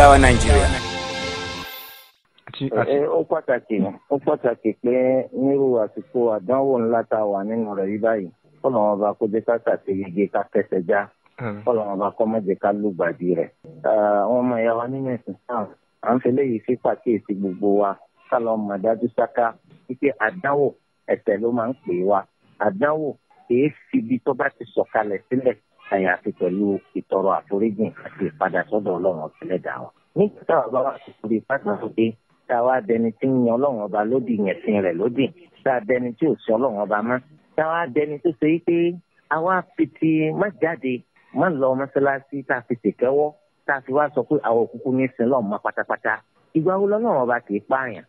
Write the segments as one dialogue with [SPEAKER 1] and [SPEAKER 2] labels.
[SPEAKER 1] dá wa nàìjíríà. ó pàtàkì ó pàtàkì pé nírú àsìkò àdánwò ńlá tá a wà nínú rẹ̀ yí báyìí fọlọ́wọ́n bá kó jẹ́ ká ṣàṣeyege ká kẹsẹ̀ já fọlọ́wọ́n hmm. bá kọ́ mọ́jẹ́ ká lùgbàdì rẹ̀. àwọn ọmọ ìyá wa nínú ẹ̀sìn sáà à ń fi léyìí sí pàkíyèsí gbogbo wa ká lọ mọ̀ dájú sáká wípé àdánwò ẹ̀tẹ̀ ló máa ń pè wá àdánwò kìí fi ibi tó bá ti sọ̀kalẹ̀ sílẹ̀ àyàfi pẹ̀lú ìtọrọ àforíjìn àti ìpadà sọ́dọ̀ ọlọ́run ọ̀tẹ́lẹ̀dá wọn. nígbà táwọn bá wà sórí pátá òde tá a wá dẹni tí ń yan ọlọ́run ọba lódì yẹn sin rẹ̀ lódì tá a dẹni tí ò sí ọlọ́run ọba mọ́ tá a wá dẹni tó ṣe pé a wá fi ti má jáde má lọ mọ́ṣáláṣí tá a fi ṣèkẹ́wọ́ tá a fi wá sọ pé àwọn òkúkú ní sin lọ́ọ̀ mọ́ pátápátá ìgbà wo lọ́lọ́run ọba kì í pààyàn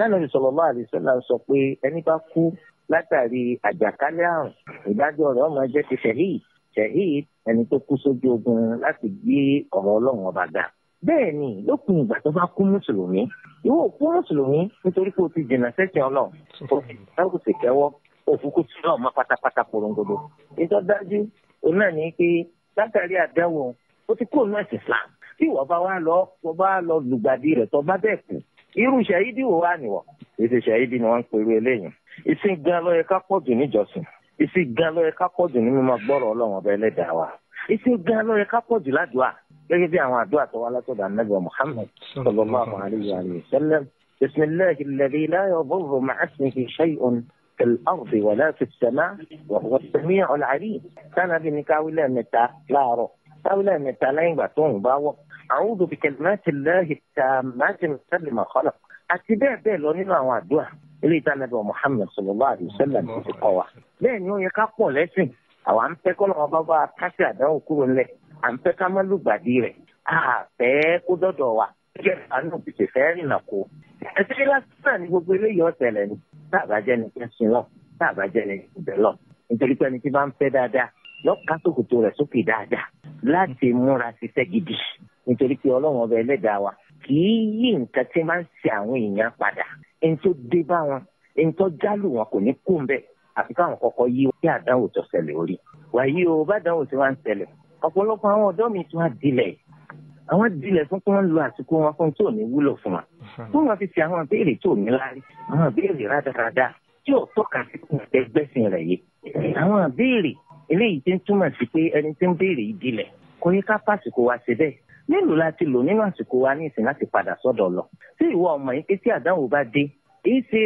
[SPEAKER 1] sanabi sallallahu alaihi wasallam sọ pé ẹni bá kú látàrí àjàkálẹ̀ àrùn ìdájọ́ rẹ̀ ó máa jẹ́ ti ṣẹ̀híì ṣẹ̀híì ẹni tó kú sójú ogun láti gbé ọ̀rọ̀ ọlọ́run ọba ga bẹ́ẹ̀ ni lópin ìgbà tó bá kú mùsùlùmí ìwọ kú mùsùlùmí nítorí pé o ti jìnnà sẹ́sìn ọlọ́run o fi ẹrù sì kẹ́wọ́ òfukù sí ọ̀ma pátápátá porongodo ìtọ́jú òun náà ní pé látàrí àdánwò o ti kó òun náà sì irú ṣàyídì wo wà nìwọ ètò ṣàyídì ni wọn ń pèrú eléyìí ìsìn gan ló yẹ ká pọ̀ jù níjọsìn ìsìn gan ló yẹ ká pọ̀ jù ní mímọ̀ gbọ́rọ̀ Ọlọ́run ọba Ẹlẹ́dàá wa ìsìn gan ló yẹ ká pọ̀ jù ládùúà gẹ́gẹ́ bí àwọn àdúrà tó wá látọ̀dọ̀ anábì Muhammad sallallahu alayhi wa sallam في الأرض ولا في السماء وهو السميع العليم كان بنكاولا متى لا رو كاولا متى لا ينبع تون أعوذ بكلمات الله التامات من شر ما خلق àti bẹ́ẹ̀ bẹ́ẹ̀ lọ nínú àwọn àdúrà ilé ìtànàbí wa Muhammad sallallahu alayhi wa sallam ti kọ́ wa bẹ́ẹ̀ ni ó yẹ ká pọ̀ lẹ́sìn àwa ń fẹ́ kọ́lọ́mọ bá bá kásì àdánwò kúrò ńlẹ̀ à ń fẹ́ ká má lùgbàdì rẹ̀ à fẹ́ kó dọ́dọ̀ wa jẹ́ àánú bìtì fẹ́ rìnà kó ẹsẹ̀ lásán ni gbogbo eléyìí ọ̀sẹ̀lẹ̀ ni táàbà jẹ́ ni kí n sin lọ táàbà jẹ́ ni ìbẹ̀ lọ nítorí pé ẹni tí bá ń fẹ́ dáadáa lọ́ọ́ ká sòkòtò rẹ̀ sókè dáadáa láti múra ṣiṣẹ́ gidi nítorí pé ọlọ́run ọba ẹlẹ́dàá wa kì í yí nǹkan tí máa ń ṣe àwọn èèyàn padà ẹni tó dé bá wọn ẹni tó jálù wọn kò ní kú mbẹ àfi káwọn kọ́kọ́ yí wọn kí àdánwò tó ṣẹlẹ̀ orí wàyí o bá àdánwò tí wọn ń ṣẹlẹ̀ ọ̀pọ̀lọpọ̀ àwọn ọ̀dọ́ mi tí wọn dilẹ̀ àwọn dilẹ̀ fún kí wọn lo àsìkò wọn fún tó ní wúlò fún wa fún wọn fi fi àwọn béèrè tó ní láàrí àwọn béèrè rádaràda tí ò tọ́ka sí fún ẹgbẹ́sìn rẹ̀ yìí àwọn béèrè eléyìí ti túmọ̀ sí pé ẹni tí ń béèrè yìí dilẹ̀ kò yẹ ká fàsìkò wa ṣe bẹ́ẹ̀ mélòó la ti lò nínú àsìkò wa ní ìsìn láti padà sọ́dọ̀ lọ tí ìwọ ọmọ yìí pé tí àdáwò bá dé kì í ṣe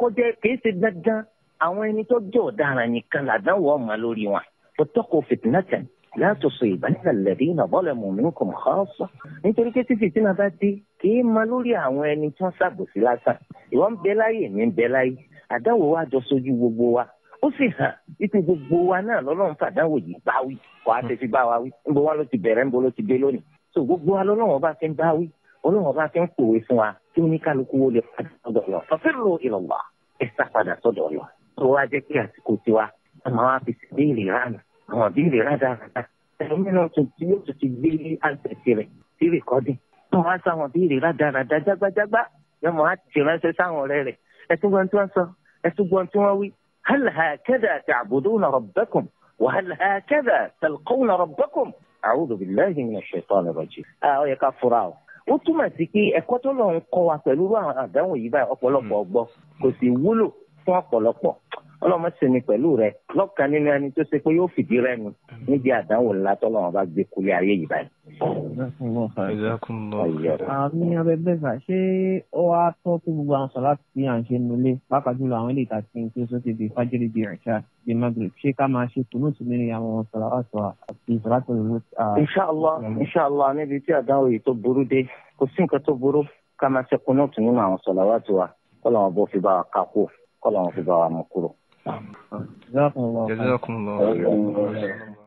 [SPEAKER 1] kọjá kì í ṣe dandan àwọn ẹni tó jẹ́ ọ̀daràn nìkan làdáwò ọmọ lórí wọn fọtọkọ fìtínàtàn láti sọ ìbánilẹ lẹbi iná bọlẹ mọmìn kò mọ ọsọ nítorí pé tí fìtínà bá dé kì ma lórí àwọn ẹni tó ń ṣàbòsí lásán ìwọ ń bẹ láyè mi ń bẹ láyè àdáwò wa jọ sójú gbogbo wa ó sì hàn wípé gbogbo wa náà lọ́lọ́run fàdánwò yìí bá wí kó a ti bá wa wí níbo wa ló ti bẹ̀rẹ̀ níbo ló ti dé lónìí so gbogbo wa lọ́lọ́run ọba fi ń bá wí ọlọ́run ọba fi ń pòwe fún wa kí oníkálukú wo lè padà sọ́dọ̀ lọ fafirru ilallah ẹ sá padà sọ́dọ̀ lọ tó wá jẹ́ kí àsìkò tiwa ọmọ wa fi sí béèrè ránà àwọn béèrè rádà rádà ẹ̀yin náà tún ti yóò tún ti gbé هل هكذا تعبدون ربكم وهل هكذا تلقون ربكم اعوذ بالله من الشيطان الرجيم اه يا كفراو وتما سيكي اكوتو لو نكو وا داو يبا اوبولوبو اوغبو كو سي وولو فون اوبولوبو ọlọmọ sì ni pẹlú rẹ lọkàn nínú ẹni tó ṣe pé yóò fìdí rẹ nu hmm. níbi àdánwò ńlá tọlọmọ bá gbé kulẹ ayé yìí báyìí. àmì abẹ́bẹ́ fà ṣé ó wá tọ́ tó gbogbo àwọn sọ̀lá tí à ń ṣe nulẹ̀ pàápàá jùlọ àwọn ilé ìtàkì tí ó sókè bíi fájẹ́rì bíi ẹ̀ṣá bíi magrib ṣé ká máa ṣe tòun tún nínú àwọn sọ̀lá àtọ̀ àti sọ̀lá tó lè wọ́n. inṣàlá inṣàlá níbi tí àdáwò yìí tó burú dé kò sí nǹkan tó burú ká máa ṣe kùnú tún nínú àwọn sọ̀lá wa tiwa kọ́lọ̀ wọn bó fi bá wa kákó kọ́lọ̀ wọn fi bá wa